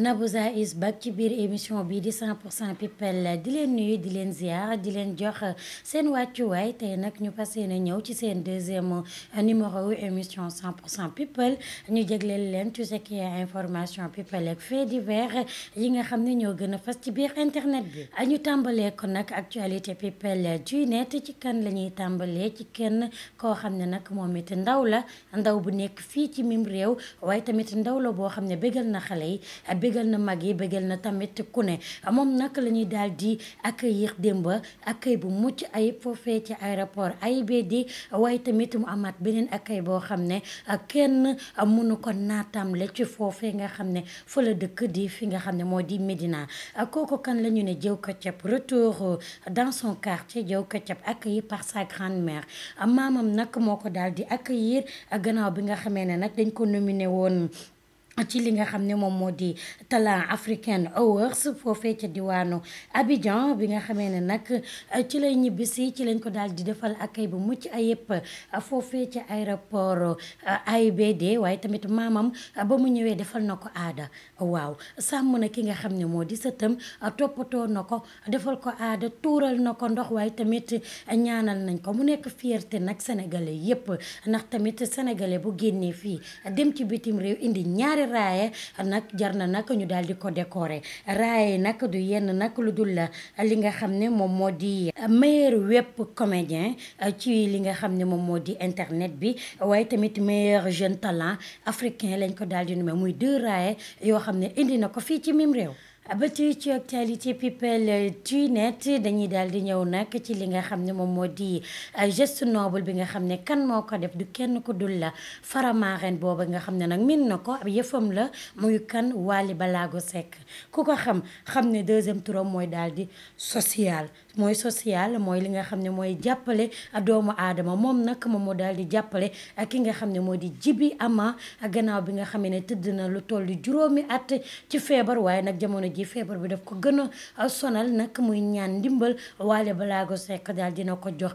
Nabouza is back ci biir émission bi di 100 people di len nuyu di len ziar di len jox waccu way tay nak ñu passé yéene ñew ci sen deuxième numéro émission 100 people ñu jégleel leen tout ce qui est information people ak fait divers yi nga xamné ñoo gëna fas ci biir internet bi. ñu tambalé ko nak actualité people du net ci kan lañuy tambalé ci kenn ko xamné nak momit ndaw la ndaw bu nekk fi ci mim réew way tamit ndaw la bo xamné bégal na xalé yi. bégal na mag yi bégal na tamit ku ne moom nag la ñuy daal di accueillir démba accueil bu mucc ay foofee ci aéroport AIBD waaye tamit mu amaat beneen accueil boo xam ne kenn mënu ko naatamle ci foofee nga xam ne fa dëkk di fi nga xam ne moo di Médina kooku kan la ñu ne Diaw Ketchup retour dans son quartier Diaw Ketchup accueilli par sa grand-mère maamam nag moo ko daal di accueillir gannaaw bi nga xamee ne nag dañ ko nominé ci li nga xam ne moom moo di talent africain awards foofee ca diwaanu Abidjan bi nga xamee ne nag euh, ci lay ñibbisi ci lañ ko daal di defal akay bu mucc ay ayëpp euh, foofee ca aéroport euh, AIBD waaye tamit maamam ba mu ñëwee defal na ko aada waaw sàmm na ki nga xam ne moo di sëtam toppatoo na ko defal ko aada tuural na ko ndox waaye tamit ñaanal nañ ko mu nekk fierté nag sénégalais yëpp ndax tamit sénégalais bu génnee fii dem ci bitim réew indi ñaari raaye nag jar na nag ñu daal di ko décorer raaye nag du yenn nag lu dul la li nga xam ne moom moo di meilleur web comédien euh, ci li nga xam ne moom moo di internet bi waaye tamit meilleur jeune talent africain lañ ko daal di numé muy deux raaye yoo xam ne indi na ko fii ci mim réew. Ah, ba tey ci actualité people tuy euh, net dañuy daal di ñëw nag ci li nga xam ne moom moo di euh, geste noble bi nga xam ne kan moo ko def du kenn ko dul la faramaaren booba nga xam ne nag min na ko ab yëfam la muy kan Wally Ballago Seck ku ko xam xam ne deuxième turam mooy daal di social mooy social mooy li nga xam ne mooy jàppale doomu aadama moom nag moom moo daal di jàppale ki nga xam ne moo di Djiby Ama gannaaw bi nga xam ne tëdd na lu toll di juróomi at ci feebar waaye nag jamono ji ji feebar bi daf ko gën a sonal nag muy ñaan ndimbal Wally Ballago Seck daal dina ko jox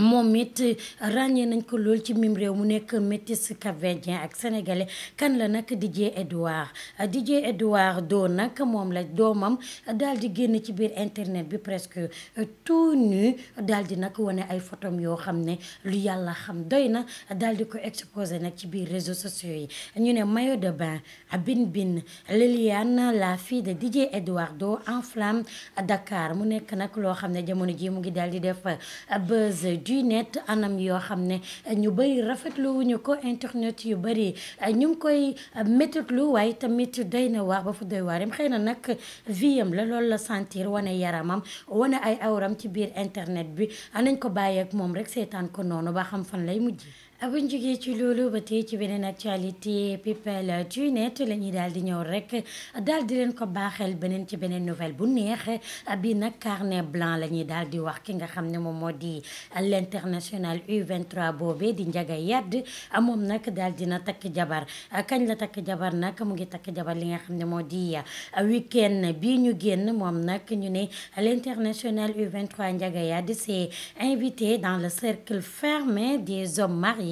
moom ragné nañ ko lol ci mim réew mu nek métis cap ak sénégalais kan la nak Didier Edouard Didier do nak mom la domam daal di génn ci biir internet bi presque euh, tout nu dal di nag wane ay photom yo xamné lu yalla xam doyna na di ko exposer nak ci biir réseaux sociaux ñu né maillot de bain bin bin Liliane la fille de Didier Edouard Do à Dakar mu nek nak lo xamné a jamono ji mu ngi def euh, buzz du net anam yo xamne ñu bari rafetlu wuñu ko internet yu bari ñu ngi koy metetlu way tamit deyna wax ba fu doy warim xeyna nak nag viyam la lol la sentir wone yaramam wone ay awram ci bir internet bi anañ ko baye ak mom rek setan ko nonu ba xam fan lay mujjii buñ jógee ci ba ci benen actualité people du net la daldi daal rek daldi len ko baaxel benen ci benen nouvelle bu neex bi nak carnet blanc la daldi wax ki nga xam ne modi l'international U23 bobé di Ndiaga à amom nak daldi na takk jabar kañ la takk jabar nak mu ngi takk jabar li nga xam week-end bii ñu génn mom nak ñu U23 Ndiaga yad c'est invité dans le cercle fermé des hommes mariés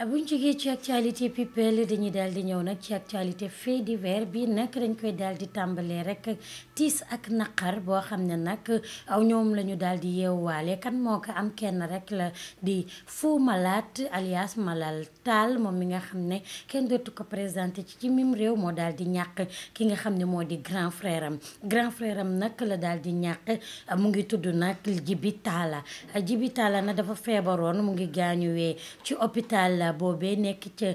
Ah, bu ñu ci actualité people dañuy daal di ñëw nag ci actualité fait divers bi nag dañ koy daal di tàmbalee rek tiis ak naqar boo xam ne nag aw ñoom la ñu daal di yeewaale kan moo ko am kenn rek la di Fou Malade alias Malal Tall moom mi nga xam ne kenn dootu ko présenté ci ci mim réew moo daal di ñàkk ki nga xam ne moo di grand frère am grand frère am nag la daal di ñàkk ah, mu ngi tudd nag Djiby Talla ah, Djiby Talla nag dafa feebaroon mu ngi gaañuwee ci hôpital. boobee nekk ca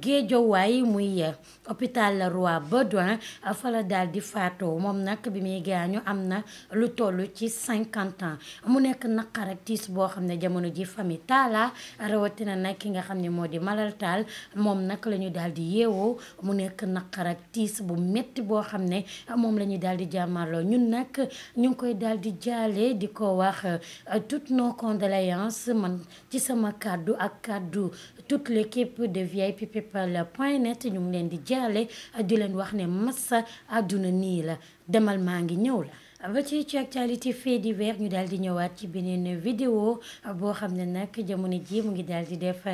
géejowaay muy eh, hôpital Roi Baudouin ah, fa la daal di faatoo moom nag bi muy gaañu am na lu toll ci cinquante ans mu nekk naqar ak tiis boo xam ne jamono ji famille Talla rawatina nag ki nga xam ne moo di Malal Tall moom nag la ñu daal di yeewoo mu nekk naqar ak tiis bu métti boo xam ne ah, moom la ñu daal di jàmmarloo ñun nag ñu ngi koy daal di jaale di ko wax eh, toutes nos condoléances man ci sama kàddu ak kàddu toute l'équipe de VIP People point net ñu ngi leen di jaale di leen wax ne massa àdduna nii la demal maa ngi ñëw la ba ci ci actualité fait divers ñu daal di ñëwaat ci beneen vidéo boo xam nak, nag jamono ji mu ngi daal di def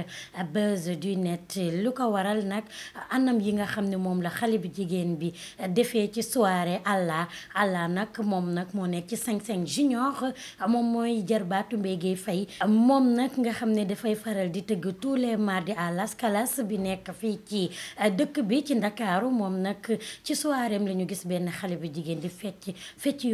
buzz du net lu ko waral nag anam yi nga xam ne la xale bi jigéen bi defé ci soirée allah allah nak mom nak mo nekk ci 55 junior moom mooy jarbaatu Mbengue fay mom nak nga xamné da fay faral di teug tous les mardis à Las Calas bi nekk fi ci deuk bi ci Ndakaaru mom nak ci soirée am la ñu gis benn xale bi jigéen di fecc fecc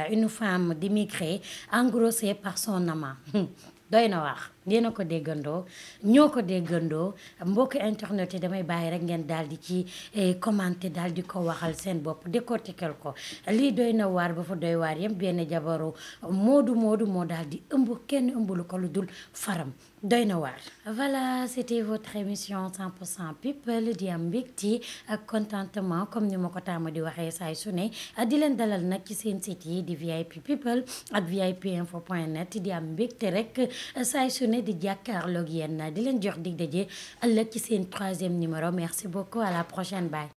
Euh, une femme d'immigrée engrossée par son amant yéena ko déggandoo ñoo mbokk internet damay bàyyi rek ngeen daal ci eh, commenter daal ko waxal seen bopp ko lii doy na waar doy waar yem kenn ko faram voilà c'était votre émission 100 people di am contentement comme ni ma ko di di dalal site VIP people ak VIP info point net di am Dédia di jàkkaarloog yéen di leen jox dig daje ëllëg ci seen troisième numéro merci beaucoup à la prochaine bye.